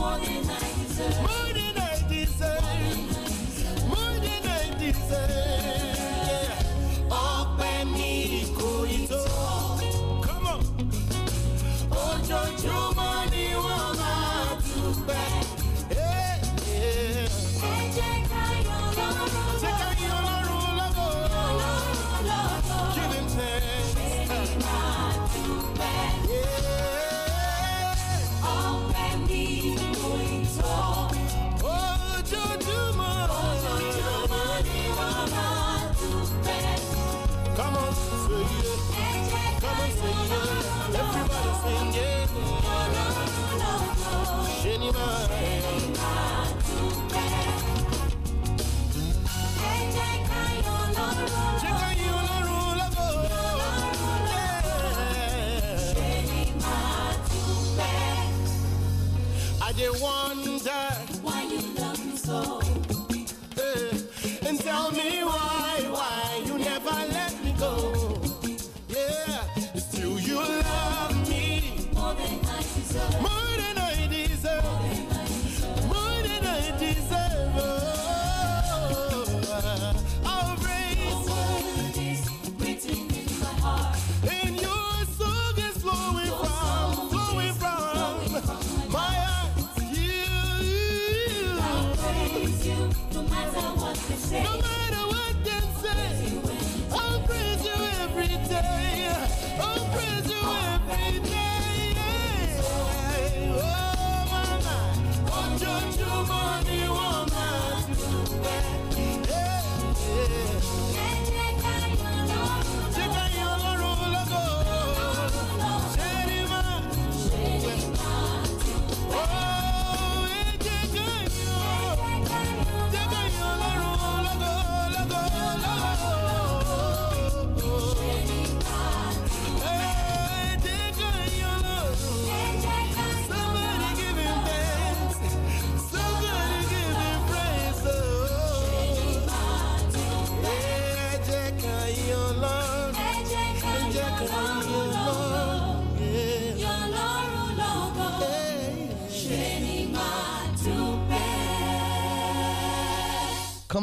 more than love.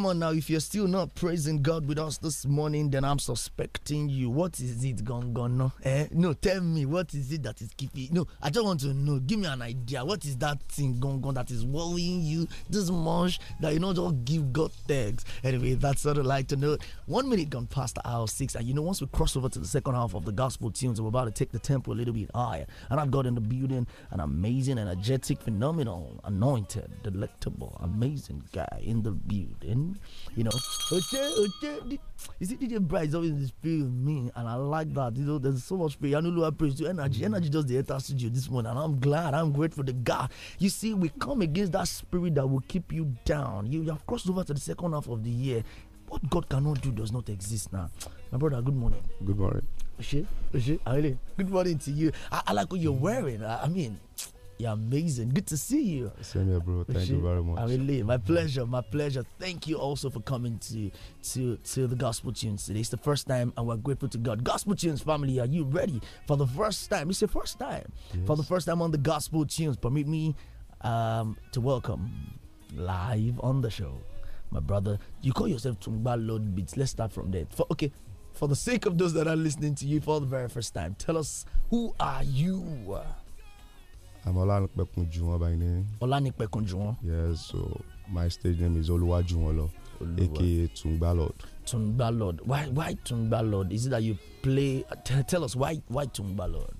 on now, if you're still not praising God with us this morning, then I'm suspecting you. What is it, gone gone? No, eh? no, tell me what is it that is keeping? No, I just want to know. Give me an idea. What is that thing, gone gone, that is worrying you this much that you know just give God thanks? Anyway, that's what I'd like to know. One minute gone past the hour six, and you know once we cross over to the second half of the gospel tunes, we're about to take the tempo a little bit higher. And I've got in the building an amazing, energetic, phenomenal, anointed, delectable, amazing guy in the building you know. okay, okay. You see, DJ Bright is always in the spirit me, and I like that. You know, there's so much praise. Anulua praise to energy. Energy does the entire studio this morning, and I'm glad. I'm grateful to God. You see, we come against that spirit that will keep you down. You, you have crossed over to the second half of the year. What God cannot do does not exist now. My brother, good morning. Good morning. Good morning to you. I, I like what you're wearing. I, I mean, you're amazing. Good to see you. Same here, bro. Thank you very much. I really, my pleasure, my pleasure. Thank you also for coming to to to the Gospel Tunes today. It's the first time, and we're grateful to God. Gospel Tunes family, are you ready for the first time? It's your first time yes. for the first time on the Gospel Tunes. Permit me um, to welcome live on the show, my brother. You call yourself Tungba Lord Beats. Let's start from there. For, okay, for the sake of those that are listening to you for the very first time, tell us who are you? I'm Olanipekunjuwon by name. Olanipekunjuwon. Yes, so my stage name is Oluwajuwon Oluwa. aka Tungba Lord. Tungba Lord. Why why Tungba Lord? Is it that you play? T- tell us why why Tungba Lord.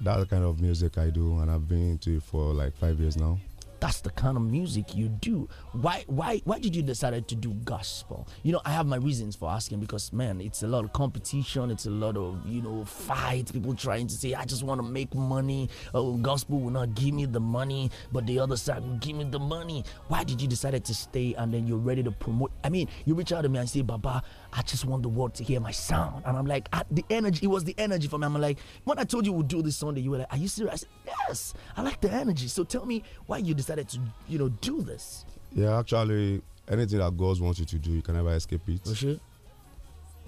That kind of music I do, and I've been into it for like five years now. That's the kind of music you do. Why why why did you decide to do gospel? You know, I have my reasons for asking because man, it's a lot of competition, it's a lot of, you know, fight, people trying to say, I just want to make money. Oh, gospel will not give me the money, but the other side will give me the money. Why did you decide to stay and then you're ready to promote? I mean, you reach out to me and say, Baba, I just want the world to hear my sound. And I'm like, the energy, it was the energy for me. I'm like, when I told you we'll do this Sunday, you were like, are you serious? I said, yes, I like the energy. So tell me why you decided to, you know, do this. Yeah, actually, anything that God wants you to do, you can never escape it. For oh, sure.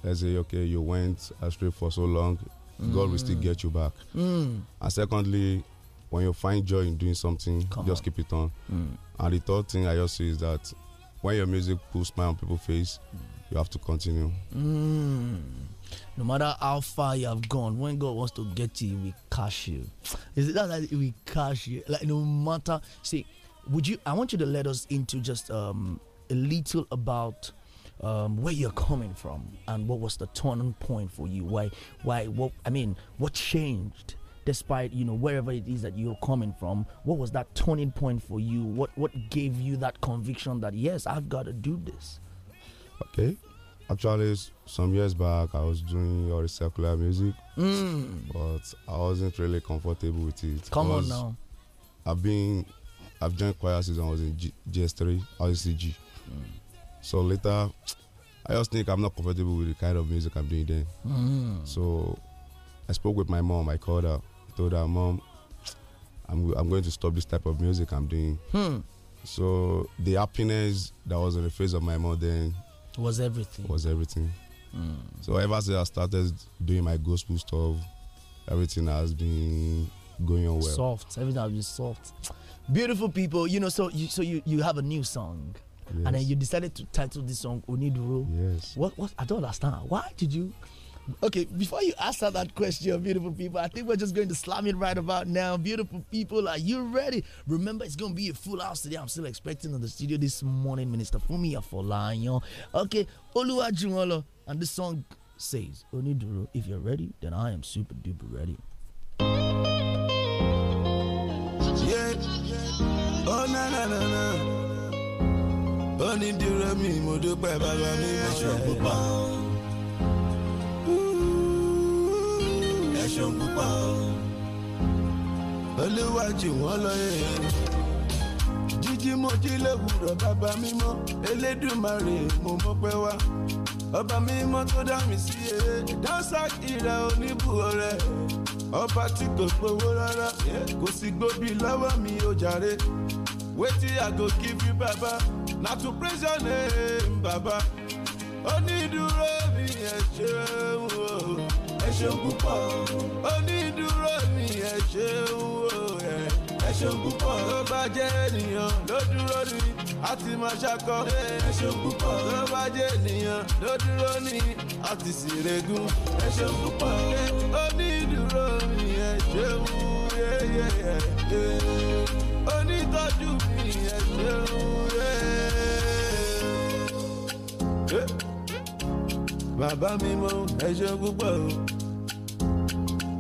Let's say, okay, you went astray for so long, mm. God will still mm. get you back. Mm. And secondly, when you find joy in doing something, Come just on. keep it on. Mm. And the third thing I just see is that when your music puts smile on people's face, mm you have to continue. Mm. No matter how far you have gone, when God wants to get you, we catch you. Is it that like we catch you? Like no matter. See, would you? I want you to let us into just um, a little about um, where you're coming from and what was the turning point for you. Why? Why? What? I mean, what changed? despite you know wherever it is that you're coming from what was that turning point for you what what gave you that conviction that yes i've got to do this Okay. Actually, some years back, I was doing all the secular music, mm. but I wasn't really comfortable with it. Come on now. I've been, I've joined choir since I was in G, GS3, I G. Mm. So later, I just think I'm not comfortable with the kind of music I'm doing then. Mm. So I spoke with my mom. I called her. I told her, Mom, I'm, I'm going to stop this type of music I'm doing. Hmm. So the happiness that was on the face of my mom then was everything. Was everything. Mm. So ever since I started doing my gospel stuff, everything has been going on well. Soft, everything has been soft. Beautiful people, you know. So you so you you have a new song. Yes. And then you decided to title this song Oniduro. Yes. What what I don't understand. Why did you Okay, before you answer that question, beautiful people, I think we're just going to slam it right about now. Beautiful people, are you ready? Remember, it's going to be a full house today. I'm still expecting on the studio this morning, Minister Fumi Afolayan. Okay, Olua Jumolo, and this song says, Oniduro, if you're ready, then I am super duper ready. Yeah. Oh, na na na na. Oniduro mi mo dupe baba mi mo ṣeun púpọ̀ olúwa jù wọ́n lóye jíjí mo jí lówùrọ̀ bàbá mímọ́ elédùmarè mo mọ́pẹ́ wá ọba mímọ́ tó dá mi sí e dáńsá ìrẹ̀ oníbùwọ̀ rẹ̀ ọba tí kò gbowó rárá kò sì gbóbi lọ́wọ́ mi ò jàre wetin i go give you baba na to praise your name baba onídùúró mi ẹ ṣeun ṣeun púpọ̀. onídùúró mi ẹ ṣeun o ẹ ẹ ṣeun púpọ̀. tó bá jẹ́ ènìyàn ló dúró ní a ti máa ṣakọ. ẹ ṣeun púpọ̀. tó bá jẹ́ ènìyàn ló dúró ní a ti sì regún. ẹ ṣeun púpọ̀. onídùúró mi ẹ ṣeun yẹ́yẹ́ ẹ̀ onítọ́jú mi ẹ ṣeun yẹ́. Eh. Bàbá mi mọ ẹ ṣeun púpọ̀ o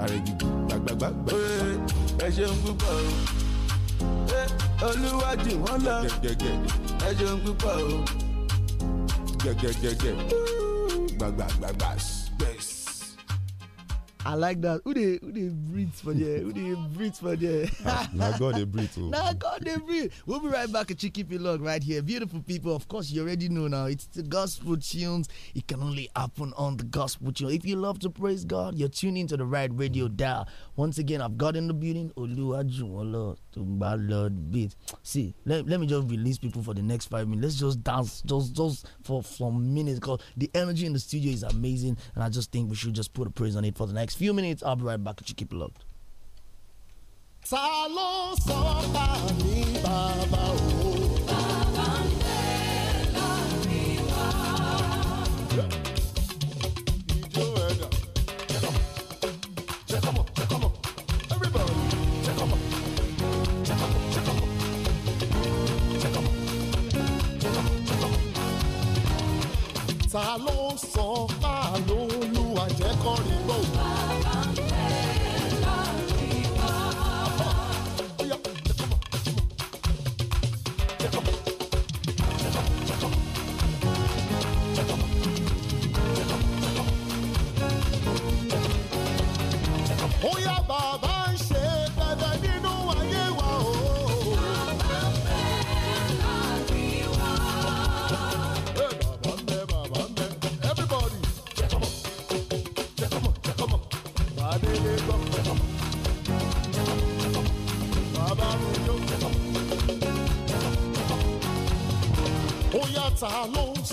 àrègìdì gbàgbàgbàgbà. ẹ ṣeun púpọ̀ o olúwájú wọn lọ ẹ ṣeun púpọ̀ o. gẹ́gẹ́gẹ́gẹ́ gbàgbàgbàgbà sí. I like that. Who they who they breathe for there? Who they breathe for there? Now nah, God they breathe. Oh. Now nah, God they breathe. We'll be right back at it long right here. Beautiful people. Of course, you already know now. It's the gospel tunes. It can only happen on the gospel tune. If you love to praise God, you're tuning to the right radio dial. Once again, I've got in the building. Oluwajumola to Lord beat. See, let, let me just release people for the next five minutes. Let's just dance, just just for for minutes. Cause the energy in the studio is amazing, and I just think we should just put a praise on it for the next next few minutes. I'll be right back You keep it locked. ta ló sọ ló lu àjẹkọrin gbòò. Jump. 啊喽。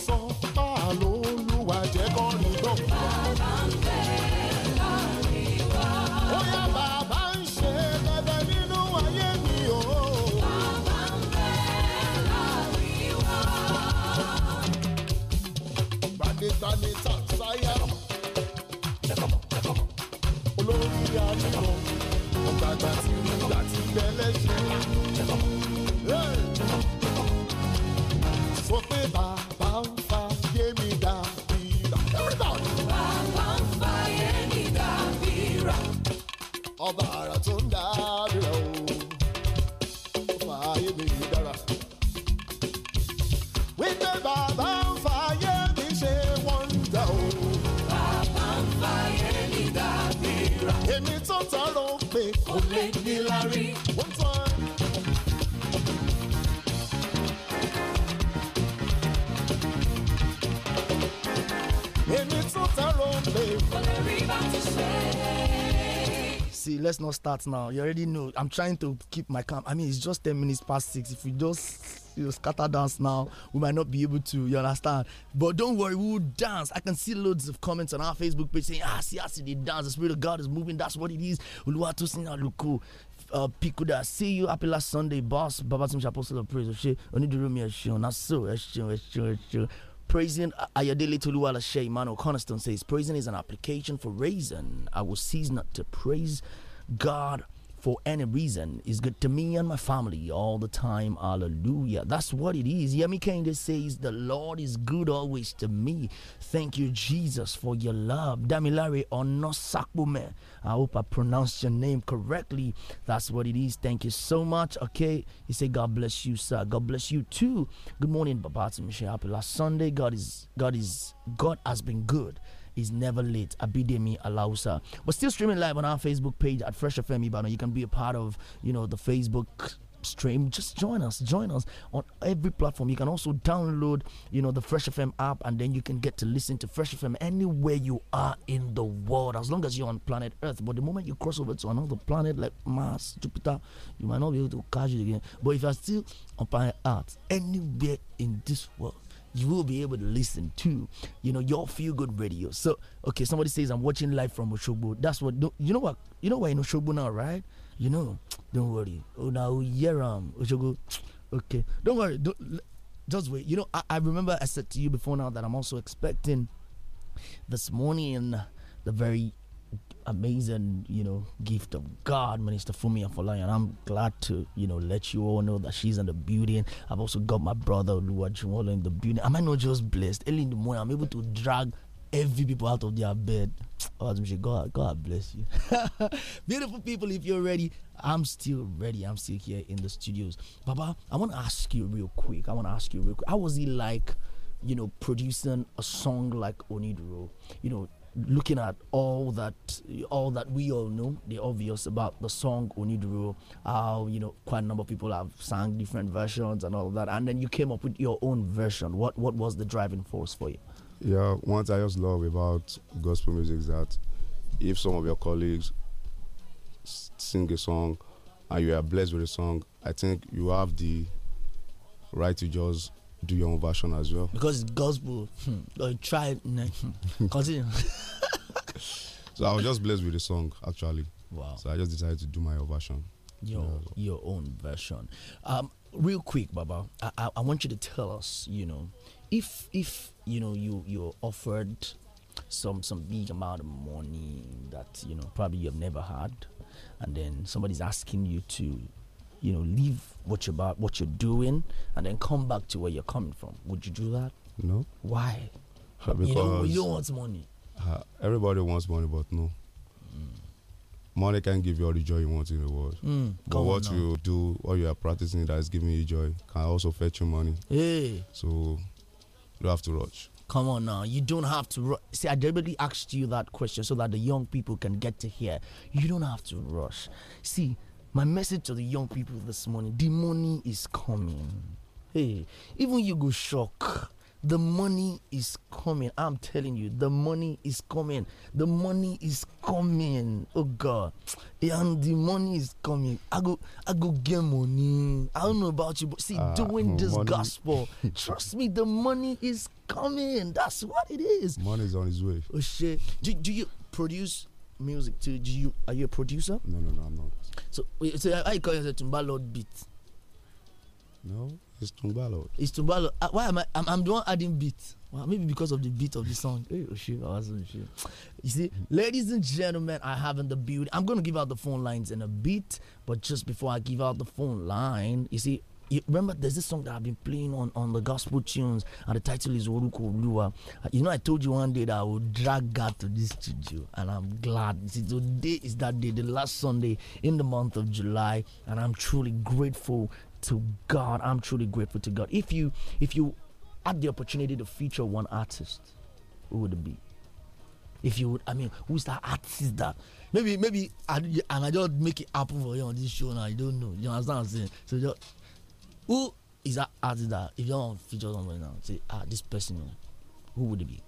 not start now. You already know. I'm trying to keep my calm. I mean, it's just 10 minutes past six. If we just you know, scatter dance now, we might not be able to. You understand? But don't worry, we will dance. I can see loads of comments on our Facebook page saying, ah, see, I see, the dance. The Spirit of God is moving. That's what it is. Uluwatu Sina ah, Luku. Oh, uh, Pikuda, see you happy last Sunday, boss. Baba Timshi Apostle of Praise. Onidurumi Eshun. room so. Eshun, Eshun, so. Praising Ayadele Toluwala Shea Emmanuel Coniston says, Praising is an application for reason. I will cease not to praise God for any reason is good to me and my family all the time. Hallelujah. That's what it is. Yemi Kende says, The Lord is good always to me. Thank you, Jesus, for your love. Damilare Onosakbume. I hope I pronounced your name correctly. That's what it is. Thank you so much. Okay. He said, God bless you, sir. God bless you too. Good morning, Babatim Happy last Sunday. God is God is God has been good is never late. Abidemi Alausa. We're still streaming live on our Facebook page at Fresh FM Ibano. You can be a part of, you know, the Facebook stream just join us join us on every platform you can also download you know the fresh fm app and then you can get to listen to fresh fm anywhere you are in the world as long as you're on planet earth but the moment you cross over to another planet like mars jupiter you might not be able to catch it again but if you're still on planet earth anywhere in this world you will be able to listen to, you know, your feel good radio. So, okay, somebody says I'm watching live from Oshogbo. That's what you know what you know. why in Oshogbo now, right? You know, don't worry. Oh, now Yeram Oshogbo. Okay, don't worry. Don't, just wait. You know, I, I remember I said to you before now that I'm also expecting this morning the very amazing, you know, gift of God, Minister Fumi Afolai, and I'm glad to, you know, let you all know that she's in the building. I've also got my brother Lua Chumolo in the building. Am I not just blessed? Early in the morning, I'm able to drag every people out of their bed. Oh, God, God bless you. Beautiful people, if you're ready, I'm still ready. I'm still here in the studios. Baba, I want to ask you real quick. I want to ask you real quick. How was it like, you know, producing a song like Oniduro? You know, looking at all that all that we all know, the obvious about the song Oniduro, how you know quite a number of people have sang different versions and all that, and then you came up with your own version. What what was the driving force for you? Yeah, once I just love about gospel music is that if some of your colleagues sing a song and you are blessed with a song, I think you have the right to just do your own version as well. Because it's gospel. Hmm. Try continue. so I was just blessed with the song actually. Wow. So I just decided to do my own version. Your yeah. your own version. Um, real quick, Baba, I, I, I want you to tell us, you know, if if you know you you're offered some some big amount of money that you know probably you've never had, and then somebody's asking you to you know, leave what you're about, what you're doing, and then come back to where you're coming from. Would you do that? No. Why? Uh, because you do you don't want money. Uh, everybody wants money, but no. Mm. Money can give you all the joy you want in the world. Mm. but what you do, what you are practicing that is giving you joy, can also fetch you money. Hey. So you have to rush. Come on now, you don't have to. rush. See, I deliberately asked you that question so that the young people can get to hear. You don't have to rush. See, my message to the young people this morning the money is coming. Hey, even you go shock. The money is coming. I'm telling you, the money is coming. The money is coming. Oh God. And the money is coming. I go I go get money. I don't know about you, but see, uh, doing this money. gospel, trust me, the money is coming. That's what it is. Money is on his way. Oh shit. Do, do you produce music too? Do you are you a producer? No, no, no, I'm not. So, so how you call yourself Tumba Lord beat? No, it's Tumba Lord. It's Tumba Lord. Uh, why am I? I'm, I'm, the one adding beat. Well, maybe because of the beat of the song. you see, ladies and gentlemen, I have in the build. I'm gonna give out the phone lines in a bit, but just before I give out the phone line, you see, you remember there's this song that I've been playing on, on the gospel tunes, and the title is Oruko Lua. Uh, you know, I told you one day that I would drag God to this studio, and I'm glad. see, today is that day, the last Sunday in the month of July, and I'm truly grateful to God. I'm truly grateful to God. If you if you had the opportunity to feature one artist, who would it be? If you would, I mean, who's that artist that? Maybe, maybe, and I just make it happen for you on this show now. You don't know. You understand what I'm saying? So just who is that artist that if you don't feature somebody now, say ah this person, who would it be?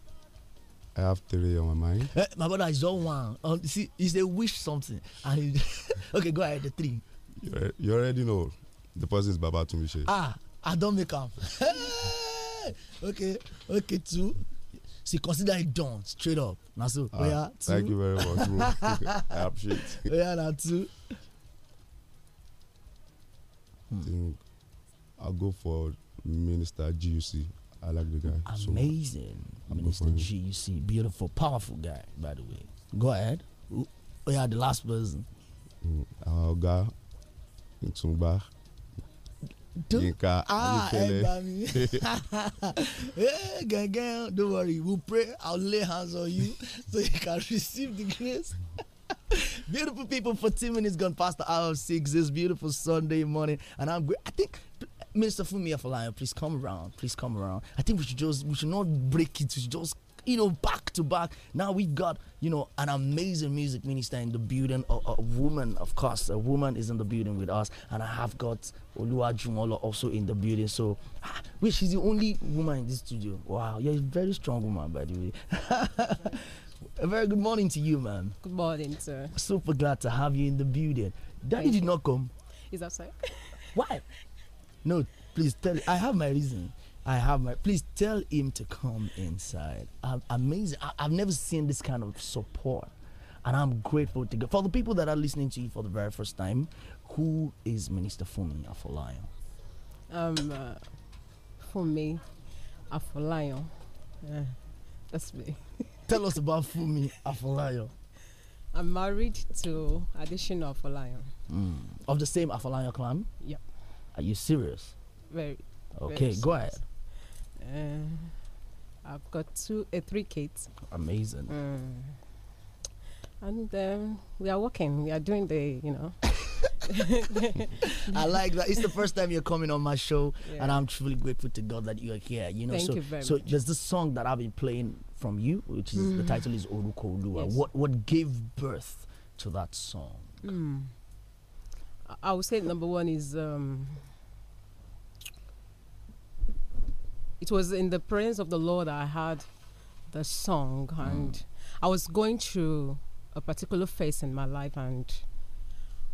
I have three on my mind. Eh, my brother is on one. Uh, see, he's a wish something and okay, go ahead the three. You, you already know the person is Baba Tumishe. Ah, I don't make up. okay, okay, two. See, consider it done straight up. Nasu. ah, two. Thank you very much, bro. I appreciate. Yeah, now two. Hmm. I'll go for Minister GUC. I like the guy. Amazing. So Minister GUC. Beautiful, powerful guy, by the way. Go ahead. We are the last person. Mm, our guy, Tumba. Yinka ah, don't worry. We'll pray. I'll lay hands on you so you can receive the grace. beautiful people, 14 minutes gone past the hour of six. This beautiful Sunday morning. And I'm great. I think Minister Fumi Afolayan, please come around. Please come around. I think we should just we should not break it. We should just you know back to back. Now we've got you know an amazing music minister in the building. A, a woman, of course, a woman is in the building with us, and I have got Jumolo also in the building. So, which ah, is the only woman in this studio. Wow, you're a very strong woman, by the way. a very good morning to you, ma'am. Good morning, sir. Super glad to have you in the building. Daddy Thank did not come. Is that so? Why? No, please tell. I have my reason. I have my. Please tell him to come inside. I'm amazing. I, have never seen this kind of support, and I'm grateful to God for the people that are listening to you for the very first time. Who is Minister Fumi Afolayan? Um, uh, Fumi Afolayan. Uh, that's me. tell us about Fumi Afolayan. I'm married to Adishino Afolayan. Mm. Of the same Afolayan clan. Yep. Are you serious? Very. Okay, very go serious. ahead. Uh, I've got two, uh, three kids. Amazing. Mm. And um, we are working. We are doing the, you know. I like that. It's the first time you're coming on my show, yeah. and I'm truly grateful to God that you are here. You know, Thank so you so much. there's this song that I've been playing from you, which is mm. the title is Oruko Yes. What what gave birth to that song? Mm. I would say number one is um, it was in the presence of the Lord I had the song, mm. and mm. I was going through a particular phase in my life, and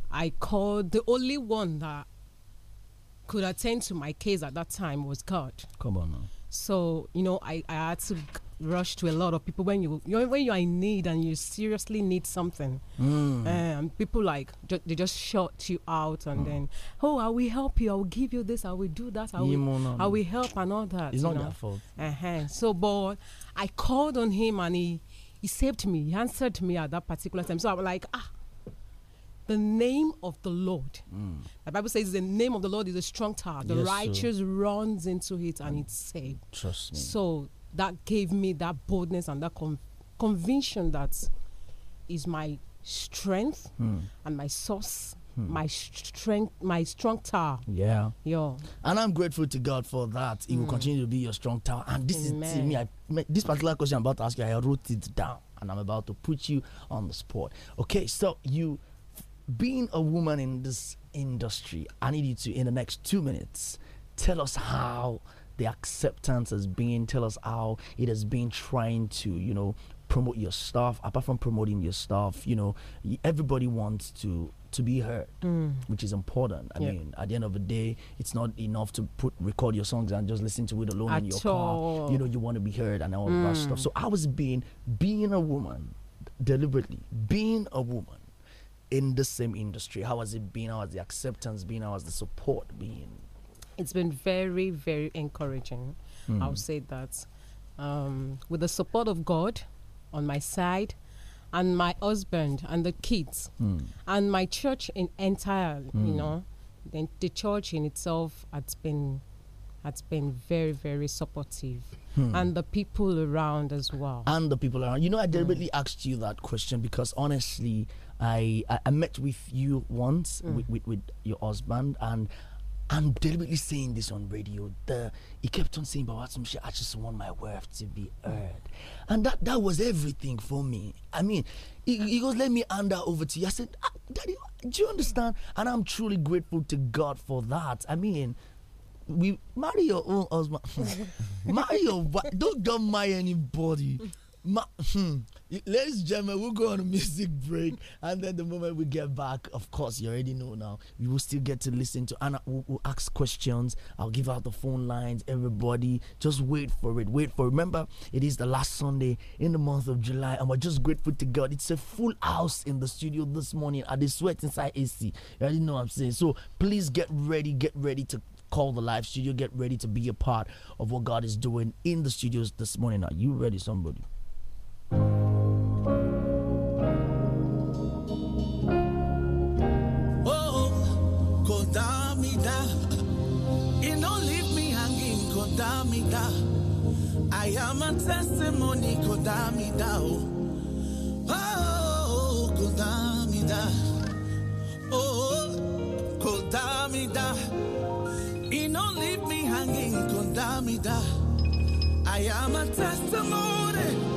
I called the only one that could attend to my case at that time was God. Come on now. So you know, I I had to rush to a lot of people when you when you are in need and you seriously need something. Mm. Um, people like ju they just shut you out and mm. then oh I will help you I will give you this I will do that I will yeah, I will help and all that. It's not know? their fault. Uh -huh. So but I called on him and he he saved me. He answered me at that particular time. So I was like ah. The name of the Lord. Mm. The Bible says the name of the Lord is a strong tower. The yes, righteous sir. runs into it and mm. it's saved. Trust me. So that gave me that boldness and that con conviction that is my strength mm. and my source hmm. my strength, my strong tower. Yeah. Yeah. And I'm grateful to God for that. He mm. will hmm. continue to be your strong tower. And this Amen. is to me, I, this particular question I'm about to ask you, I wrote it down and I'm about to put you on the spot. Okay, so you being a woman in this industry, I need you to in the next two minutes tell us how the acceptance has been. Tell us how it has been trying to, you know, promote your stuff. Apart from promoting your stuff, you know, everybody wants to to be heard, mm. which is important. I yep. mean, at the end of the day, it's not enough to put record your songs and just listen to it alone at in your all. car. You know, you want to be heard and all mm. that stuff. Mm. So I was being being a woman deliberately, being a woman in the same industry. How has it been? How has the acceptance been? How has the support been? it's been very, very encouraging. Mm. I'll say that. Um, with the support of God on my side, and my husband, and the kids, mm. and my church in entire, mm. you hmm. know, the, the church in itself has been has been very, very supportive. Hmm. And the people around as well. And the people around. You know, I hmm. deliberately mm. asked you that question because honestly, I, I, I met with you once mm. with, with, with, your husband, and I'm deliberately saying this on radio. The he kept on saying, "But I just want my worth to be heard," and that that was everything for me. I mean, he, he goes, "Let me hand that over to you." I said, ah, "Daddy, do you understand?" And I'm truly grateful to God for that. I mean, we marry your own husband, marry your wife. Don't go marry anybody Ma hmm. Ladies and gentlemen, we'll go on a music break, and then the moment we get back, of course, you already know now. We will still get to listen to Anna. We'll, we'll ask questions. I'll give out the phone lines. Everybody, just wait for it. Wait for. It. Remember, it is the last Sunday in the month of July, and we're just grateful to God. It's a full house in the studio this morning. I did sweat inside AC. You already know what I'm saying. So please get ready. Get ready to call the live studio. Get ready to be a part of what God is doing in the studios this morning. Are you ready, somebody? Oh, go don't leave me hanging, I am a testimony, go Oh, go Oh, go down don't leave me hanging, go I am a testimony.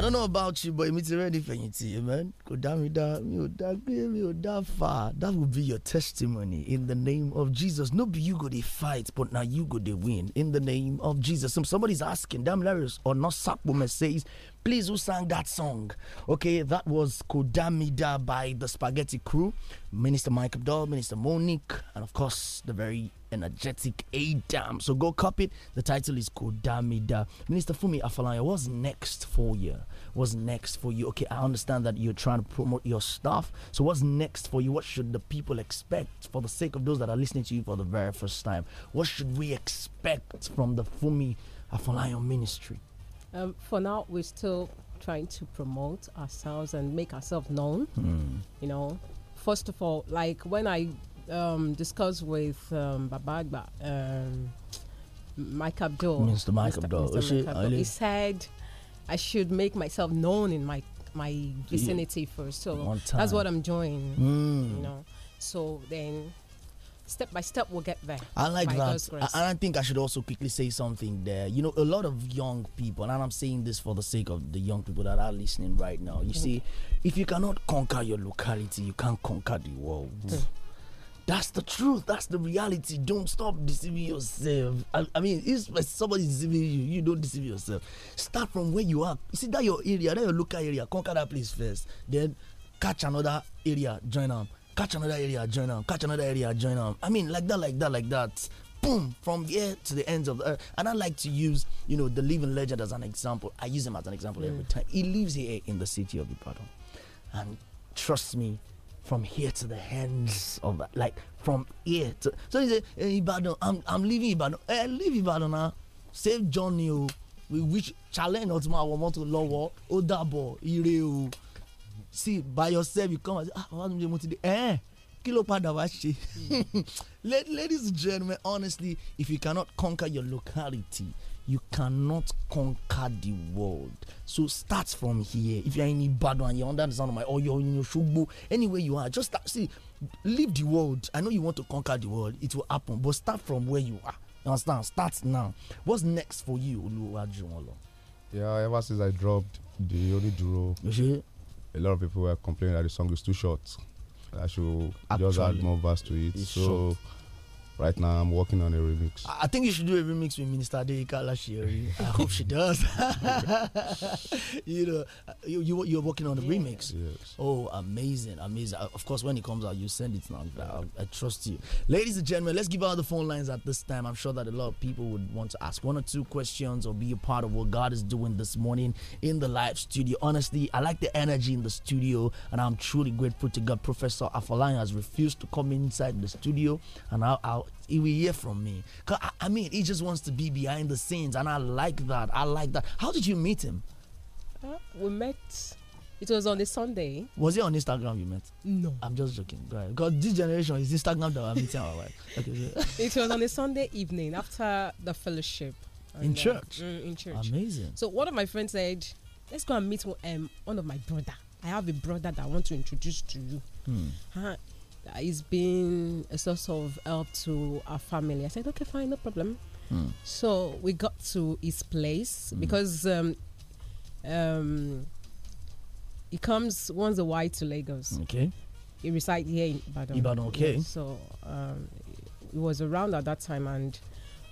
I don't know about you, but it's already rẹ́ẹ̀dì fẹ̀yìntì amen. man, dá mi dá mi ò dá That will be your testimony in the name of Jesus. No be you go to fight but now you go to win in the name of Jesus. somebody's asking Damilarius or not Sap woman says please who sang that song okay that was kodamida by the spaghetti crew minister mike abdul minister monique and of course the very energetic Adam. So go copy it. The title is Kodamida. Minister Fumi Afalaya, what's next for you? What's next for you? Okay, I understand that you're trying to promote your stuff. So what's next for you? What should the people expect for the sake of those that are listening to you for the very first time? What should we expect from the Fumi Afalaya ministry? Um, for now, we're still trying to promote ourselves and make ourselves known. Mm. You know, first of all, like when I um, discussed with um, Babagba, um, Mike Abdul. Mr. Mike Mr. Abdul. Mr. Mr. Abdul. He said, I should make myself known in my my vicinity yeah. first. So that's what I'm doing. Mm. You know. So then step by step we'll get there. I like that. I, I think I should also quickly say something there. You know, a lot of young people, and I'm saying this for the sake of the young people that are listening right now. You okay. Mm-hmm. see, if you cannot conquer your locality, you can't conquer the world. Mm. That's the truth. That's the reality. Don't stop deceiving yourself. I, I mean, if somebody deceiving you, you don't deceive yourself. Start from where you are. You see that your area, that your local area. Conquer that place first. Then catch another area, join them. Catch another area, join them. Catch another area, join them. I mean, like that, like that, like that boom from here to the ends of the earth. And I like to use, you know, the living legend as an example. I use him as an example mm. every time. He lives here in the city of Ibadan. And trust me, from here to the hands of like from here to so he said hey, eh, Ibadan I'm I'm leaving Ibadan hey, eh, leave Ibadan now save Johnny, o we wish challenge ọtí want to lower lọ́wọ́ ó see by yourself you come and say ah wàá mi mo ti dé eh, ladies and gentlemen honestly if you cannot conquer your locality you cannot conquer the world. So start from here. If you're in Ibadan and you're under the sound of my, or you're in Oshogbo, anywhere you are, just start. See, leave the world. I know you want to conquer the world. It will happen, but start from where you are. You understand? Start now. What's next for you, Oluwajuwonlo? Yeah, ever since I dropped the only duro, a lot of people were complaining that the song is too short. I should Actually, just add more verse to it. So. Short Right now, I'm working on a remix. I think you should do a remix with Minister Deika Lashieri. I hope she does. you know, you, you you're working on a yeah. remix. Yes. Oh, amazing, amazing. Uh, of course, when it comes out, you send it now. I, I, trust you, ladies and gentlemen. Let's give out the phone lines at this time. I'm sure that a lot of people would want to ask one or two questions or be a part of what God is doing this morning in the live studio. Honestly, I like the energy in the studio, and I'm truly grateful to God. Professor Afalanya has refused to come inside the studio, and I'll, I'll he will hear from me. Cause I, I, mean, he just wants to be behind the scenes, and I like that. I like that. How did you meet him? Uh, we met. It was on a Sunday. Was it on Instagram you met? No. I'm just joking. Go ahead. Because this generation is Instagram that we're meeting our wife. Okay. it was on a Sunday evening after the fellowship. In uh, church? Mm, in church. Amazing. So one of my friends said, let's go and meet um, one of my brother. I have a brother that I want to introduce to you. Hmm. Uh, he has been a source of help to our family. I said, okay, fine, no problem. Mm. So we got to his place mm. because um, um, he comes once a while to Lagos. Okay. He resides here in Ibadan. Ibadan, okay. Yeah, so um, was around at that time and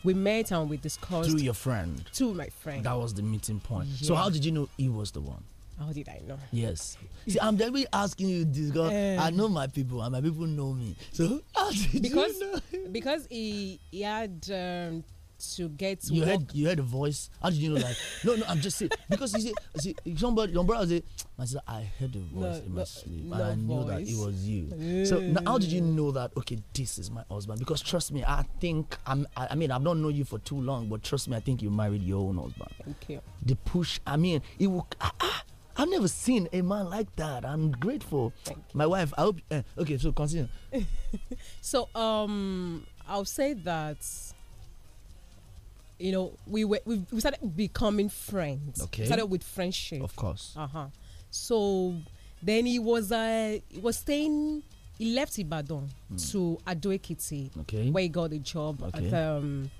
we met and we discussed. through your friend? To my friend. That was the meeting point. Yeah. So how did you know he was the one? How did I know? Yes. See, I'm just asking you this because eh. um, I know my people and my people know me. So how did because, you know? Because he, he had um, to get you heard you heard a voice. How did you know? Like no, no. I'm just saying because you see, see somebody, your brother say, my sister, I heard a voice no, in my no, sleep, no and I knew that it was you. Mm. So eh. now, how did you know that? Okay, this is my husband. Because trust me, I think I'm. I, I mean, I've not known you for too long, but trust me, I think you married your own husband. Okay. The push. I mean, it will. Ah, ah, I've never seen a man like that. I'm grateful. My wife, I hope. Uh, okay, so continue. so, um, I'll say that you know we were we we started becoming friends. Okay, we started with friendship. Of course. Uh huh. So then he was uh he was staying. He left Ibadan mm. to Adoekiti, okay. where he got a job okay. at um,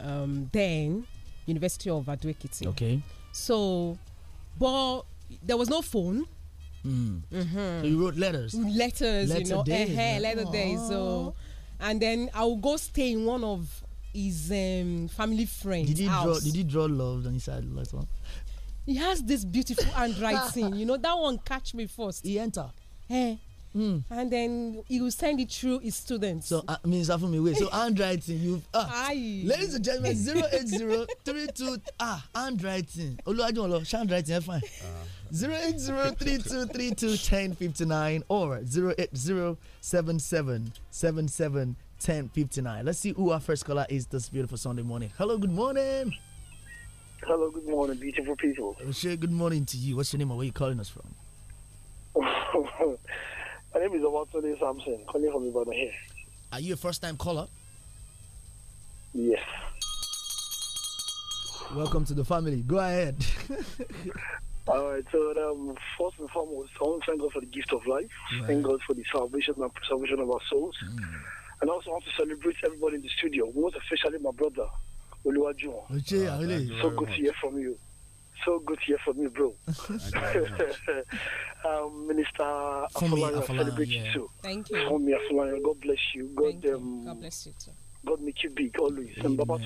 um, then University of Adoekiti. Okay. So, but there was no phone. Mm. Mm-hmm. So you wrote letters. Letters, letter you know, days, uh-huh, letter days. So, and then I would go stay in one of his um, family friends. Did he house. draw? Did he draw love inside the one. He has this beautiful handwriting. you know that one catch me first. He enter. Eh. Mm. and then he will send it through his students. So, uh, Ms. me wait, so handwriting, you've. Uh, ah. Aye. Ladies and gentlemen, 080 32. Ah, handwriting. Oluwajumola, handwriting, fine. Ah. 08032321059 or 08077771059. Let's see who our first caller is this beautiful Sunday morning. Hello, good morning. Hello, good morning, beautiful people. Sure, good morning to you. What's your name and where are you calling us from? My name is Owatole Samson, calling from Ibadan here. Are you a first time caller? Yes. Welcome to the family. Go ahead. All right, so um, first and foremost, I want to thank God for the gift of life, right. thank God for the salvation and preservation of our souls. Mm. And I also want to celebrate everybody in the studio, most especially my brother, Oluwaju. Okay, uh, really? So good much. to hear from you. So good to hear from you, bro. um, Minister Afolayan, I celebrate yeah. you too. Thank you. Afolayan, God bless you. God, thank um, you. God bless you too. God make you big always. Amen. And Baba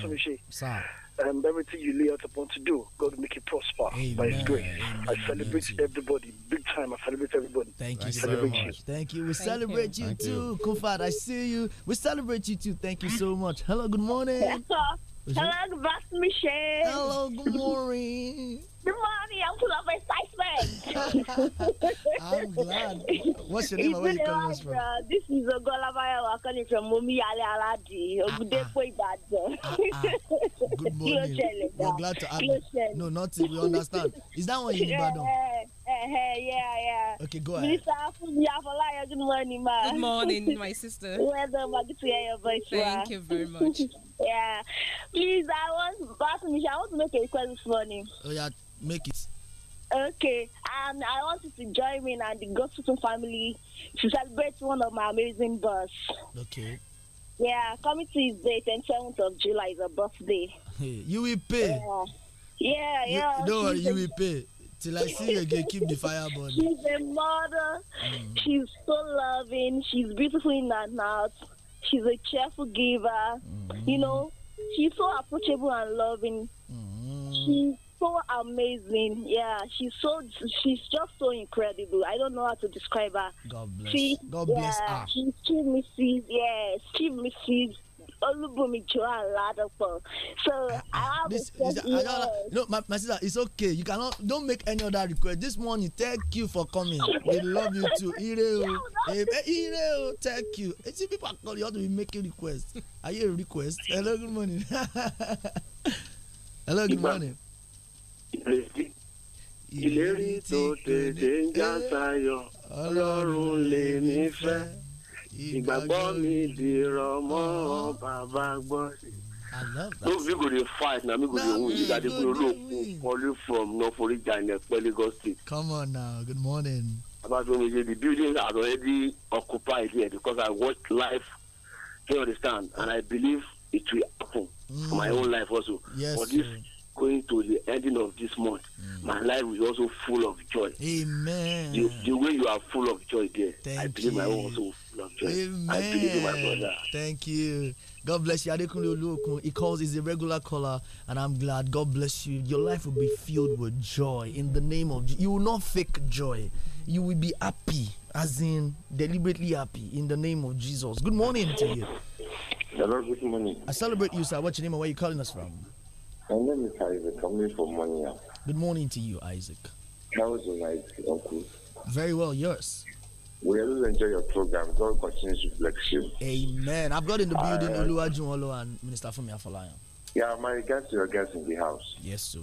Sir and um, everything you lay out upon to do, God will make you prosper Amen. by His grace. Amen. I celebrate Amen. everybody big time. I celebrate everybody. Thank, Thank you so much. You. Thank you. We Thank celebrate you, you too, Kufat. Kufad. I see you. We celebrate you too. Thank you so much. Hello. Good morning. Hello, good Michelle. Hello, good morning. Good morning. I'm full of excitement. I'm glad. What's your name? Where you calling from? Uh, this is Ogolabaya calling from Mumi Ali Aladi, ah, ah. Ogudepo Ibadan. Ah, good morning. We're glad to have you. No, nothing. we understand. Is that one in Ibadan? Yeah. Hey yeah, yeah. Okay, go ahead. Good morning, ma. Good morning, my sister. Thank you very much. yeah. Please, I want, I want to make a request this morning. Oh, yeah, make it. Okay, um, I want you to join me and the Gospel family to celebrate one of my amazing births. Okay. Yeah, coming to his date, 7th of July is a birthday. Hey, you will pay. Yeah, yeah. You, yeah. No, you will pay. Till I see you again, keep the fire burning. She's a mother. Mm. She's so loving. She's beautiful in and out. She's a cheerful giver. Mm. You know, she's so approachable and loving. Mm. She's so amazing. Yeah, she's so she's just so incredible. I don't know how to describe her. God bless. She, God bless her. She's two Mrs. Yes, two Mrs. Olubumi Joaladapo. So ah, ah, I have this, a this, I No, my, my sister, it's okay. You cannot don't make any other request. This morning, thank you for coming. we love you too. Ireo. Eh, Ireo, thank you. You eh, see, people are calling you out to be making requests. Are you a request? Hello, good morning. Hello, good morning. ìlérí tó tètè ń já sayọ eh, ọlọ́run lè mí fẹ́. ìgbàgbọ́ mi dìrọ̀ mọ́ bàbá gbọ́dọ̀. I love that. go dey fight na me go dey win. Igade Olokun calling from North Orija in Epe, Lagos Come on now, good morning. Abasomi say the building has already occupied here because I watched life. Do you understand? And I believe it will happen mm. for my mm. own life also. Yes. for this going to the ending of this month, mm. my life is also full of joy. Amen. The, the way you are full of joy there, Thank I believe you. my own also Amen. Thank you. God bless you. Adekunle Oluokun. He calls, is a regular caller, and I'm glad. God bless you. Your life will be filled with joy in the name of You will not fake joy. You will be happy, as in deliberately happy, in the name of Jesus. Good morning to you. Hello, good morning. I celebrate you, sir. What's your name and where are you calling us from? My name is Isaac. I'm here from Monia. Good morning to you, Isaac. How is your night, Uncle? Very well, yours. We always enjoy your program. God continues to bless you. Amen. I've got in the building uh, Oluwajun and Minister Fumi Afolayan. Yeah, my regards to your guests in the house. Yes, sir.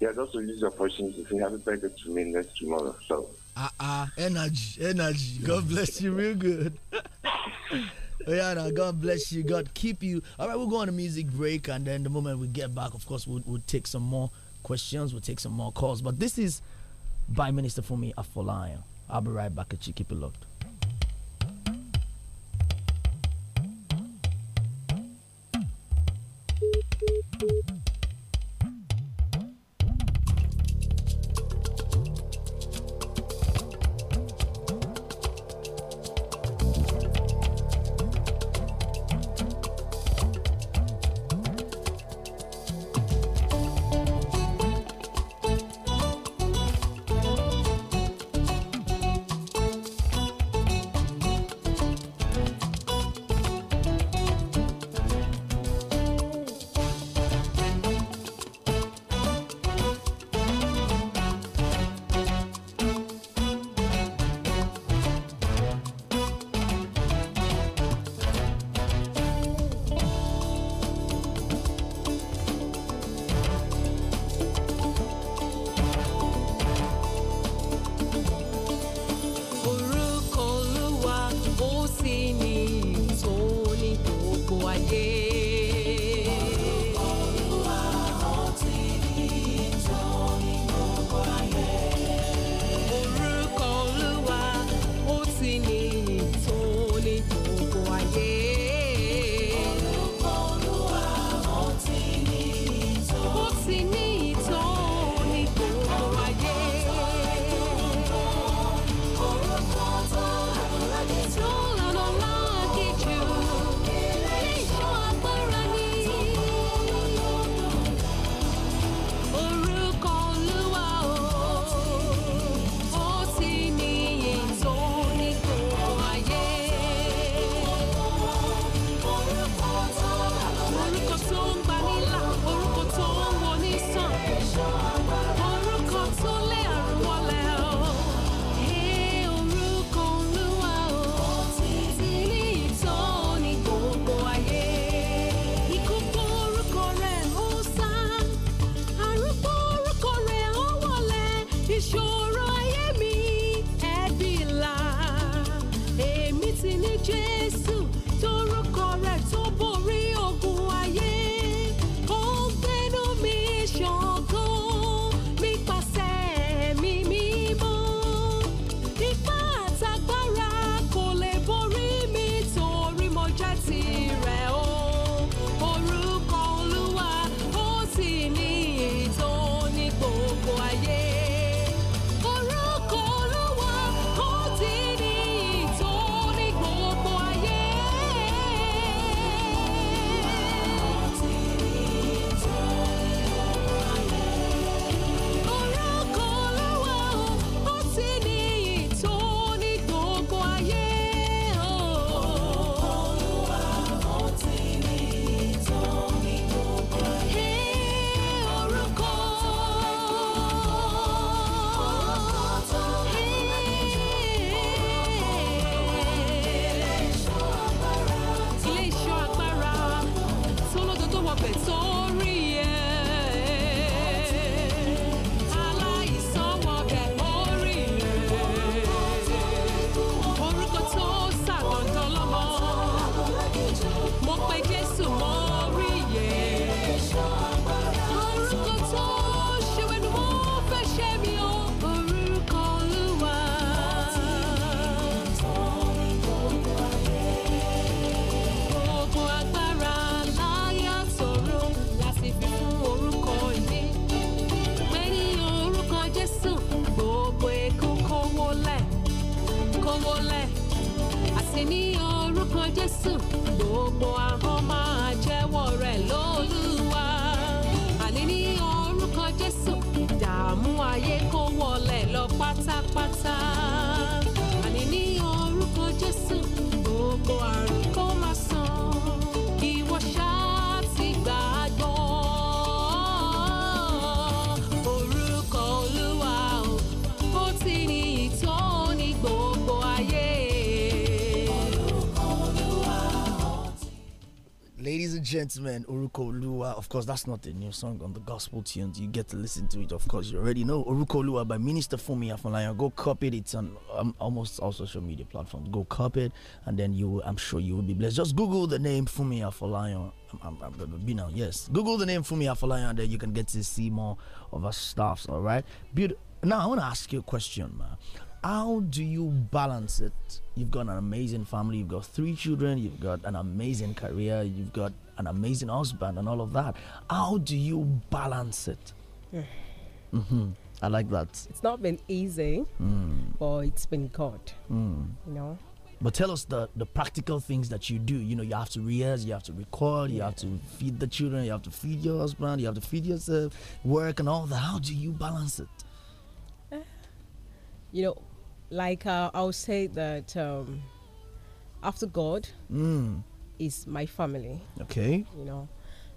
Yeah, those who use the opportunity you have a birthday to me next tomorrow. So. Ah, ah, energy, energy. God bless you, real good. Oyana, oh, God bless you. God keep you. All right, we'll go on a music break, and then the moment we get back, of course, we'll, we'll take some more questions, we'll take some more calls. But this is by Minister Fumi Afolayan. I'll be right back, you. Keep it locked. Gentlemen, Oruko Lua. Of course, that's not a new song on the gospel tunes. You get to listen to it, of course. You already know Oruko Lua by Minister Fumi Afolayan. Go copy it. It's on um, almost all social media platforms. Go copy it, and then you, I'm sure you will be blessed. Just Google the name Fumi Afolayan. I'm, I'm, I'm, you know, yes. Google the name Fumi Afolayan, then you can get to see more of our stuffs. All right. Beaut- now, I want to ask you a question, man how do you balance it? You've got an amazing family, you've got three children, you've got an amazing career, you've got an amazing husband and all of that. How do you balance it? Mm. Mm -hmm. I like that. It's not been easy, mm. but it's been good. Mm. You know. But tell us the, the practical things that you do. You know, you have to rehearse, you have to record, you have to feed the children, you have to feed your husband, you have to feed yourself, work and all that. How do you balance it? you know, like uh, I'll say that um, after God, mm is my family. Okay. You know,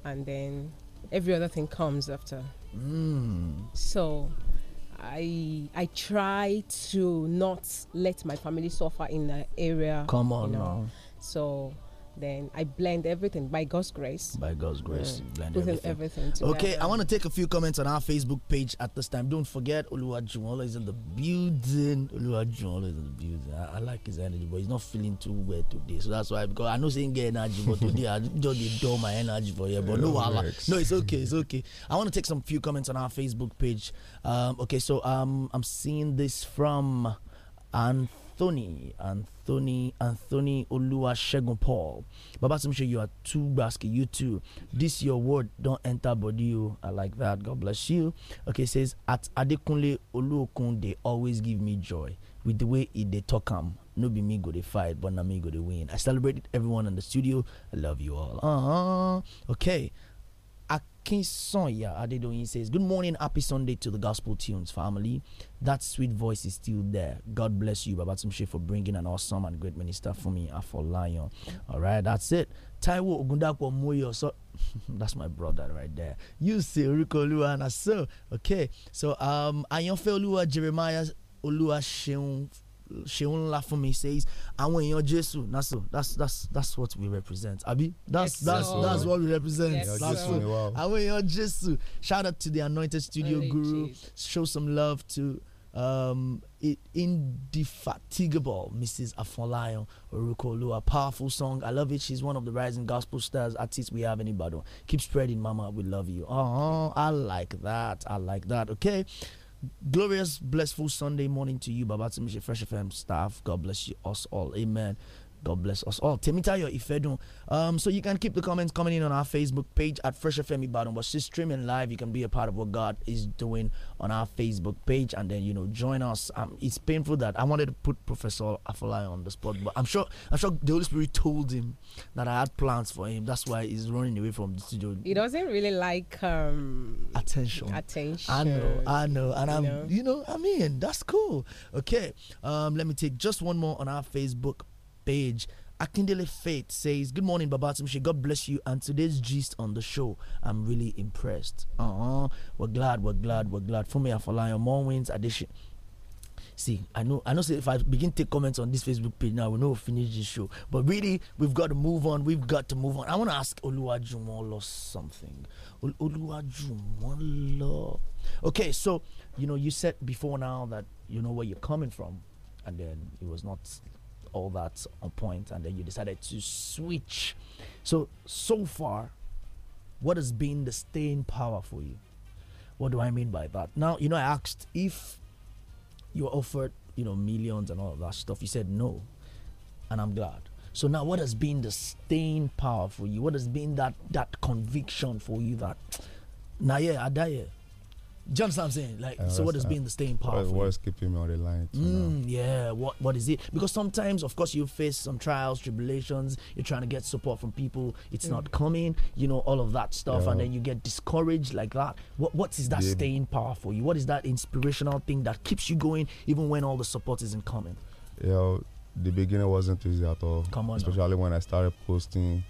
and then every other thing comes after. Mm. So I I try to not let my family suffer in the area. Come on you know? now. So then I blend everything by God's grace. By God's grace, mm. blend everything. everything together. Okay, I want to take a few comments on our Facebook page at this time. Don't forget, Oluwajumola is in the building. Oluwajumola is in the building. I, I, like his energy, but he's not feeling too well today. So that's why, because I know saying get energy, but today I do need all my energy for you. But no, no, it's okay, it's okay. I want to take some few comments on our Facebook page. Um, okay, so um, I'm seeing this from Anthony. Anthony. Anthony, Anthony Oluwasegun Paul. show you are two basket. You too. This your word. Don't enter body. You. Oh. I like that. God bless you. Okay, says at Adekunle Oluokun, they always give me joy with the way it, they talk. Am um, no be me go to fight, but na me go to win. I celebrated everyone in the studio. I love you all. Uh huh. Okay. Akinsoya Adedoyin says, Good morning, happy Sunday to the Gospel Tunes family. That sweet voice is still there. God bless you, Babatumshe, for bringing an awesome and great minister for me, Afo Lion. All right, that's it. Taiwo Ogundakwa Moyo. So that's my brother right there. You see Rikoluana. So okay. So um Ayonfe Olua Jeremiah Olua Sheung ṣeun ńlá fún mi says àwọn èèyàn jésù that's that's that's that's what we represent abi that's that's that's what we represent that's so àwọn èèyàn jésù shout out to the anointed studio guru show some love to um, indefatigable Mrs. Afolayan Orukolu. A powerful song. I love it. She's one of the rising gospel stars artists we have in Ibadan. Keep spreading, Mama. We love you. Oh, I like that. I like that. Okay. Glorious, blessful Sunday morning to you, Babatunde Fresh FM staff. God bless you, us all. Amen. God bless us all. Temitayo Ifedun. Um, so you can keep the comments coming in on our Facebook page at Fresh FM Ibadan. But she's streaming live. You can be a part of what God is doing on our Facebook page, and then you know join us. Um, it's painful that I wanted to put Professor Afolai on the spot, but I'm sure I'm sure the Holy Spirit told him that I had plans for him. That's why he's running away from the studio. He doesn't really like um, attention. Attention. I know. I know. And you I'm know? you know I mean that's cool. Okay. Um, let me take just one more on our Facebook page. Akindele Faith says, Good morning, Babatumshi. God bless you. And today's gist on the show, I'm really impressed. Uh-huh. We're glad, we're glad, we're glad. For me, i Afalayan, more wins, addition. See, I know, I know. Say if I begin to take comments on this Facebook page now, we know we'll finish this show. But really, we've got to move on. We've got to move on. I want to ask Oluwajumolo something. Oluwajumolo. Okay, so you know, you said before now that you know where you're coming from, and then it was not all that on point and then you decided to switch. So, so far, what has been the staying power for you? What do I mean by that? Now, you know, I asked if you were offered, you know, millions and all of that stuff. You said no. And I'm glad. So now what has been the staying power for you? What has been that that conviction for you that now yeah, I die. Do you understand what I'm saying? Like, so what is being the staying power? What, what's keeping me on the line? Mm, yeah, what what is it? Because sometimes, of course, you face some trials, tribulations. You're trying to get support from people. It's mm. not coming. You know all of that stuff, yeah. and then you get discouraged like that. What what is that the, staying power for you? What is that inspirational thing that keeps you going even when all the support isn't coming? Yeah, you know, the beginning wasn't easy at all. Come on, especially now. when I started posting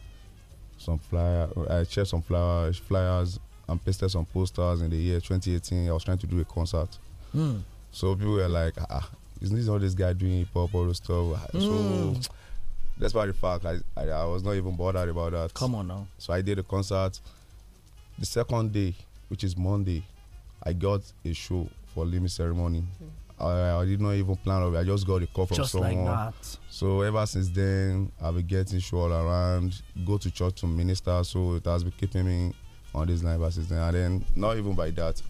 some flyers. I shared some flyers, flyers and pasted some posters in the year 2018. I was trying to do a concert. Mm. So people were like, ah, ah, isn't this all this guy doing hip hop, all this stuff? Mm. So hmm. that's why the fact I, I, I, was not even bothered about that. Come on now. So I did a concert. The second day, which is Monday, I got a show for Limit Ceremony. Hmm. I, I, did not even plan of it. I just got a call from just someone. Like that. So ever since then, I've been getting show all around, go to church to minister. So it has been keeping me on this nine verses and then not even by that,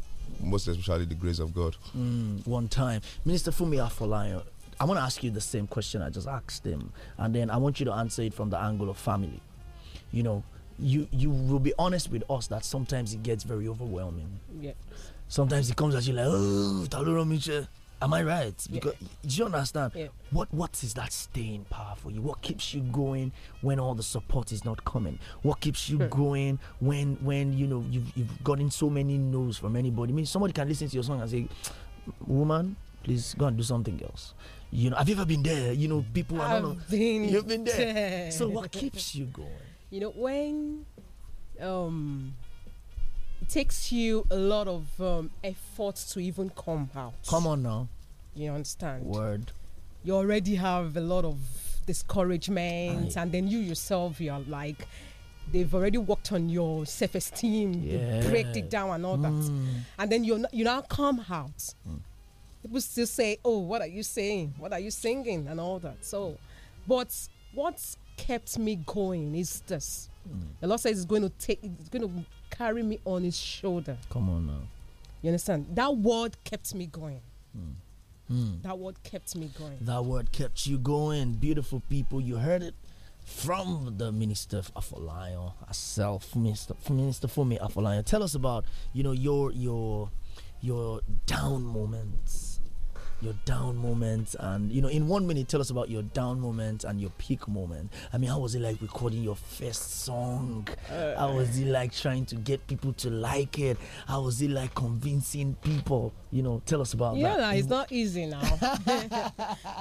most especially the grace of God. Mm, one time, Minister Fumi Afolayan, I want to ask you the same question I just asked him, and then I want you to answer it from the angle of family. You know, you you will be honest with us that sometimes it gets very overwhelming. Yeah. Sometimes it comes at you like, oh, Am I right? Because yeah. do you understand? Yeah. What what is that staying power for you? What keeps you going when all the support is not coming? What keeps you hmm. going when when you know you've you've gotten so many no's from anybody? I mean somebody can listen to your song and say, Woman, please go and do something else. You know, have you ever been there? You know, people I don't know. Been you've been there. So what keeps you going? You know, when um it takes you a lot of um, effort to even come out. Come on now. You understand? Word. You already have a lot of discouragement, Aye. and then you yourself, you're like, they've already worked on your self esteem, yeah. break it down, and all mm. that. And then you you now come out. Mm. People still say, Oh, what are you saying? What are you singing? And all that. So, but what's kept me going is this. Mm. The Lord says it's going to take, it's going to carry me on his shoulder. Come on now. You understand? That word kept me going. Mm. Mm. That word kept me going. That word kept you going. Beautiful people, you heard it from the minister of Afolayan herself, Minister Minister me, Afolayan. Tell us about you know your your your down moments your down moments and you know in one minute tell us about your down moment and your peak moment i mean how was it like recording your first song uh, how was it like trying to get people to like it how was it like convincing people you know tell us about yeah, that no, it's not easy now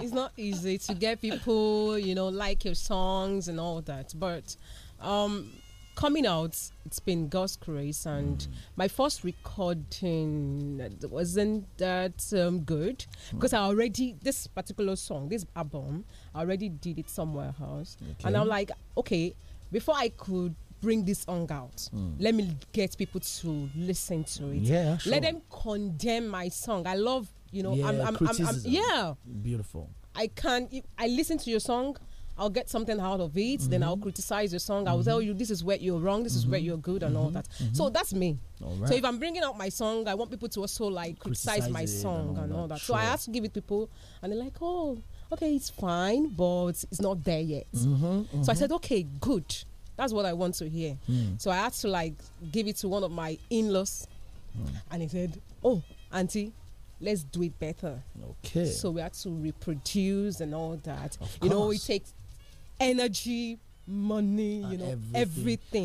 it's not easy to get people you know like your songs and all that but um coming out, it's been God's grace, and mm. my first recording wasn't that um, good mm. because I already this particular song, this album, I already did it somewhere else, okay. and I'm like, okay, before I could bring this song out, mm. let me get people to listen to it. Yeah, sure. let them condemn my song. I love, you know, yeah, I'm, I'm, I'm, yeah, beautiful. I can't. I listen to your song. I'll get something out of it, mm -hmm. then I'll mm-hmm. criticize your song. I'll tell mm-hmm. you this is where you're wrong, this is where mm-hmm. you're good, and all that. So that's me. Right. So if I'm bringing out my song, I want people to also like criticize, criticize my song and all, and all that. that. So I have to give it people, and they're like, oh, okay, it's fine, but it's not there yet. Mm -hmm, mm -hmm. So I said, okay, good. That's what I want to hear. Mm. So I had to like give it to one of my in laws, mm. and he said, oh, auntie. Let's do it better. Okay. So we had to reproduce and all that. Of you course. know, it takes energy money you know everything.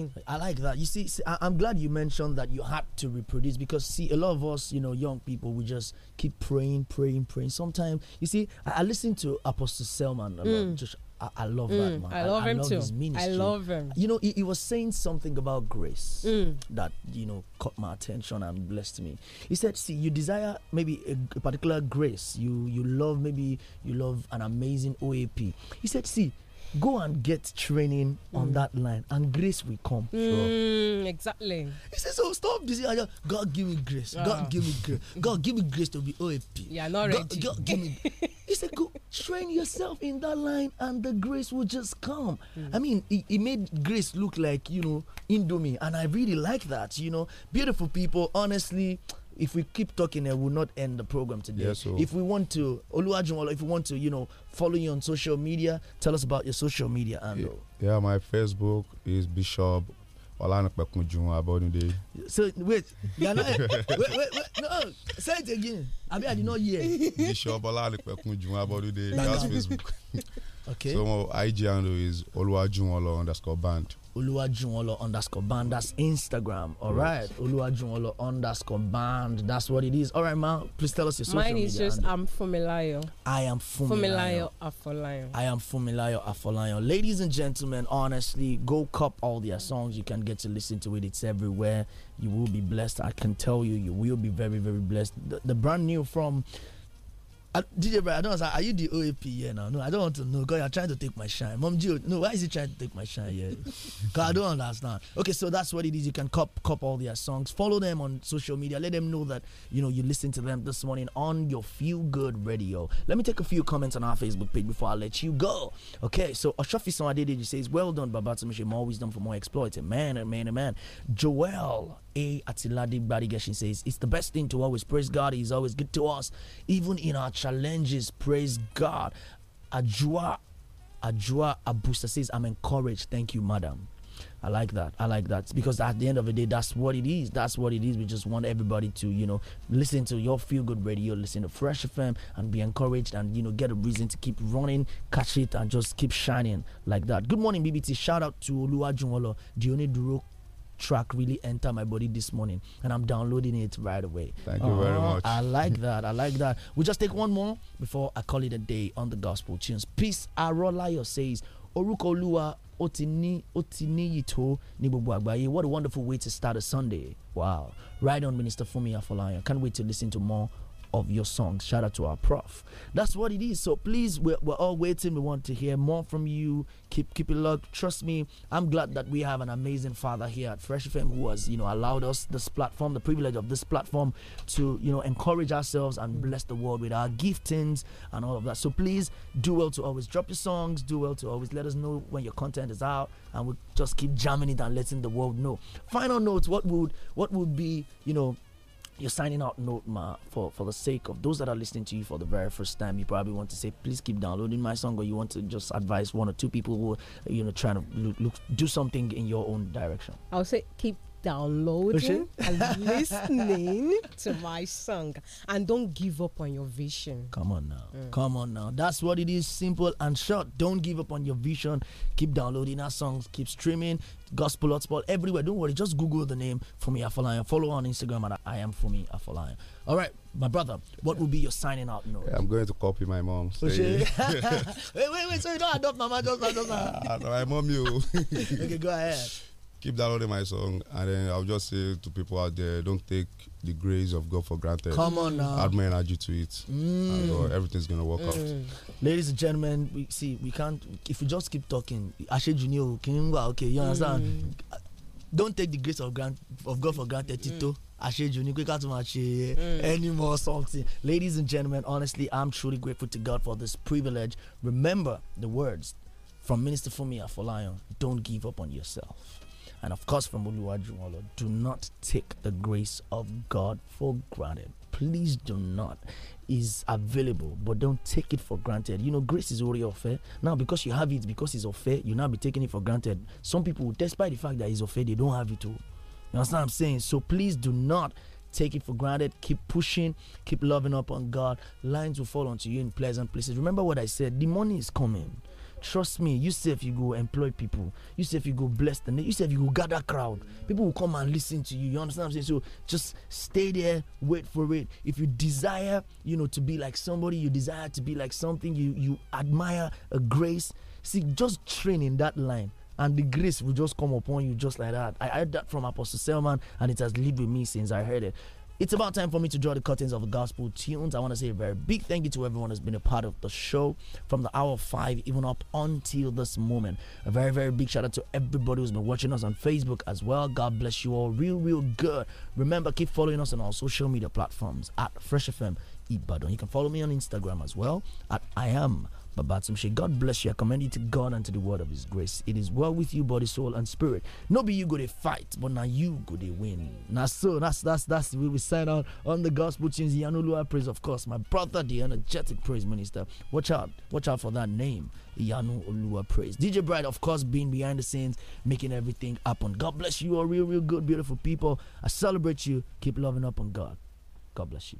everything. i like that you see, see I, am glad you mentioned that you had to reproduce because see a lot of us you know young people we just keep praying praying praying sometimes you see i, I listen to apostle selman mm. just I, I love mm. that man. I love I, him love too. I love him. You know, he, he was saying something about grace mm. that you know caught my attention and blessed me. He said, "See, you desire maybe a, a particular grace. You you love maybe you love an amazing OAP." He said, "See, go and get training mm. on that line and grace will come mm, sure. exactly he says so oh, stop this god give me grace god ah. give me grace god give me grace to be oap yeah not god, god give me he said go train yourself in that line and the grace will just come mm. i mean he, he, made grace look like you know indomie and i really like that you know beautiful people honestly if we keep talking, it will not end the program today. Yes, If we want to, Oluwajumola, if we want to, you know, follow you on social media, tell us about your social media handle. Yeah, my Facebook is Bishop Olanipẹkunjun Abọ́dúndé. So wait, you are not wait, wait, wait, no, say it again. I I did not hear. Bishop Olanipẹkunjun Abọ́dúndé. That's Facebook. Okay. So my IG handle is Oluwajumola underscore band. Oluwajuwolo underscore band. That's Instagram. All right. right. Oluwajuwolo underscore band. That's what it is. All right, man. Please tell us your social media. Mine is just I'm Fumilayo. I am Fumilayo. Fumilayo Afolayo. I am Fumilayo Afolayo. Ladies and gentlemen, honestly, go cop all their songs. You can get to listen to it. It's everywhere. You will be blessed. I can tell you, you will be very, very blessed. The, the brand new from DJ Brian, I don't understand. Are you the OAP here now? No, I don't want to know because you're trying to take my shine. Mom Gio, no, why is he trying to take my shine here? Because I don't understand. Okay, so that's what it is. You can cop cop all their songs. Follow them on social media. Let them know that you know you listen to them this morning on your feel good radio. Let me take a few comments on our Facebook page before I let you go. Okay, so Oshafi Sawadidiji says, Well done, Babatsumishi. More wisdom for more exploits. Man, and man, and man. Joel a. Atiladi Badigeshin says, It's the best thing to always praise God. He's always good to us. Even in our challenges, praise God. Ajua, Ajua Abusa says, I'm encouraged. Thank you, madam. I like that. I like that because at the end of the day, that's what it is. That's what it is. We just want everybody to, you know, listen to your feel good radio, listen to Fresh FM, and be encouraged, and you know, get a reason to keep running, catch it, and just keep shining like that. Good morning, BBT. Shout out to Oluwajunwolo, Dione Duro track really enter my body this morning, and I'm downloading it right away. Thank uh you very uh-huh. much. I like that. I like that. We just take one more before I call it a day on the gospel tunes. Peace Arolayo says, Oruko Lua Otini Otini Yito Nibubuagbaye. What a wonderful way to start a Sunday. Wow. Right on, Minister Fumi Afolayan. Can't wait to listen to more of your songs. Shout out to our prof. That's what it is. So please, we're, we're all waiting. We want to hear more from you. Keep keep it locked. Trust me, I'm glad that we have an amazing father here at Fresh FM who has you know allowed us this platform, the privilege of this platform to you know encourage ourselves and bless the world with our giftings and all of that. So please do well to always drop your songs. Do well to always let us know when your content is out, and we'll just keep jamming it and letting the world know. Final note: What would what would be you know you're signing out note ma for for the sake of those that are listening to you for the very first time you probably want to say please keep downloading my song or you want to just advise one or two people who you know trying to look, look do something in your own direction i'll say keep downloading and listening to my song. And don't give up on your vision. Come on now. Mm. Come on now. That's what it is. Simple and short. Don't give up on your vision. Keep downloading our songs. Keep streaming. Gospel Hotspot everywhere. Don't worry. Just Google the name Fumi Afolayan. Follow on Instagram at I am Fumi Afolayan. All right, my brother. What will be your signing out note? Yeah, I'm going to copy my mom. wait, wait, wait. So you don't adopt Mama just adopt Mama. my mom, you. okay, go ahead keep downloading my song, and then I'll just say to people out there, don't take the grace of God for granted. Come on now. Add my energy to it. Mm. Uh, everything's gonna work mm. out. Ladies and gentlemen, we see we can't if we just keep talking. Ashe Junior, Kingwa, okay, you understand? Mm. Don't take the grace of grant of God for granted, mm. Tito. Asheju ni mm. any more something. Ladies and gentlemen, honestly, I'm truly grateful to God for this privilege. Remember the words from Minister Fumi Afolayan, don't give up on yourself and of course from Oluwajumolo, do not take the grace of God for granted. Please do not. Is available, but don't take it for granted. You know, grace is already offer. Now, because you have it, because it's offer, you now be taking it for granted. Some people, despite the fact that it's offer, they don't have it all. You understand what I'm saying? So please do not take it for granted. Keep pushing, keep loving up on God. Lines will fall onto you in pleasant places. Remember what I said the money is coming. Trust me, you say if you go employ people, you say if you go bless the you say if you go gather crowd, people will come and listen to you. You understand what I'm saying? So just stay there, wait for it. If you desire, you know, to be like somebody, you desire to be like something, you you admire a grace. See, just train in that line and the grace will just come upon you just like that. I heard that from Apostle Selman, and it has lived with me since I heard it. It's about time for me to draw the curtains of the gospel tunes. I want to say a very big thank you to everyone who's been a part of the show from the hour five even up until this moment. A very, very big shout out to everybody who's been watching us on Facebook as well. God bless you all. Real, real good. Remember, keep following us on our social media platforms at Fresh FM Ibadan. You can follow me on Instagram as well at I am Babatumshe. God bless you. I commend you to God and to the word of His grace. It is well with you, body, soul, and spirit. No be you go to fight, but now you go to win. Now so that's that's that's we will sign out on the gospel tunes. Yanulua praise, of course, my brother, the energetic praise minister. Watch out, watch out for that name. Yanu Olua praise. DJ Bright, of course, being behind the scenes, making everything happen. God bless you, all real, real good, beautiful people. I celebrate you. Keep loving up on God. God bless you.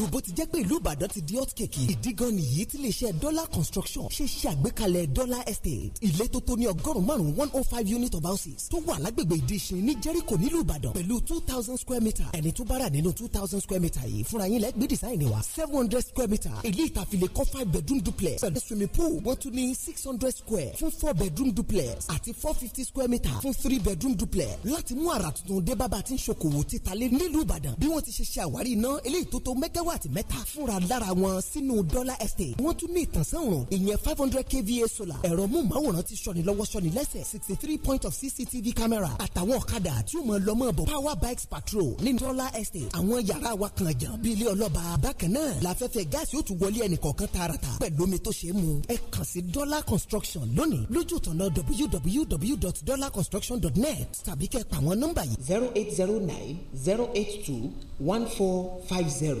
ìlú bó ti jẹ́ pé ìlú ìbàdàn ti di hot cake ìdí gan nìyí tí iléeṣẹ́ dollar construction ṣe ṣe àgbékalẹ̀ dollar estate ilé tó tó ní ọgọ́rùn-ún márùn-ún one oh five unit of houses tó wà lágbègbè ìdíṣin ní jericho nílùú ìbàdàn pẹ̀lú two thousand square meter ẹni tó bá rà nínú two thousand square meter yìí fúnra yín lẹ́gbẹ́ design wa seven hundred square meter èlé ìtàfilẹ̀ kọ́ five bedroom duplex pẹ̀lú swimming pool wọ́n tún ní six hundred square fún four bedroom duplex àti four fifty square meter fún three bedroom duplex láti mú àrà tuntun dé bábà tí ń ṣokòwò títalé nílùú ìbàdàn bí wọ́n ti ṣe ṣe àwárí iná eléyìí tó tó mẹ́gàw méjìlélọ́wọ́ àti mẹ́ta fúnra lára wọn sínú dollar estate wọ́n tún ní ìtànsán òrùn ìyẹn five hundred kva solar ẹ̀rọ múmáwòrán ti sọni lọ́wọ́ sọni lẹ́sẹ̀ sixty three point of cctv camera àtàwọn ọ̀kadà tí ó mọ lọ́mọ bọ̀ power bikes patrol ní dollar estate àwọn yàrá wa kan jàn bí ilé ọlọ́ba bákan náà láfẹ́fẹ́ gáàsì ó tún wọlé ẹnìkọ̀ọ̀kan tààràtà pẹ̀lú omi tó ṣe é mu ẹ kàn sí dollar construction lónìí lójú tọ̀nà www.dollarconstruction.net tàbí kẹ́ pa àwọn nọ́mbà zero eight zero nine zero eight two one four five zero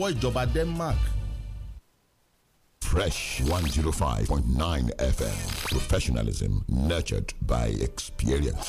ìjọba Denmark. Fresh 105.9 FM. Professionalism nurtured by experience.